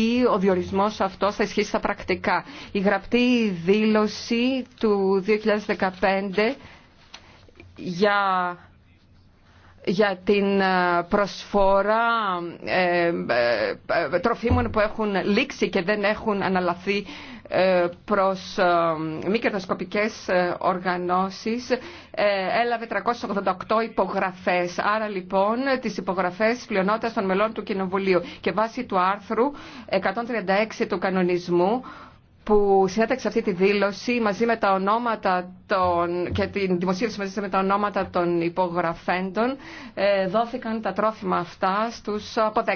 ισχύει ο διορισμός αυτός θα ισχύσει στα πρακτικά. Η γραπτή δήλωση του 2015 για για την ε, προσφορά ε, ε, τροφίμων που έχουν λήξει και δεν έχουν αναλαθεί προς μη κερδοσκοπικές οργανώσεις έλαβε 388 υπογραφές. Άρα λοιπόν τις υπογραφές πλειονότητας των μελών του Κοινοβουλίου και βάσει του άρθρου 136 του κανονισμού που συνέταξε αυτή τη δήλωση μαζί με τα ονόματα των, και την δημοσίευση μαζί με τα ονόματα των υπογραφέντων ε, δόθηκαν τα τρόφιμα αυτά στους αποτέλεσμα.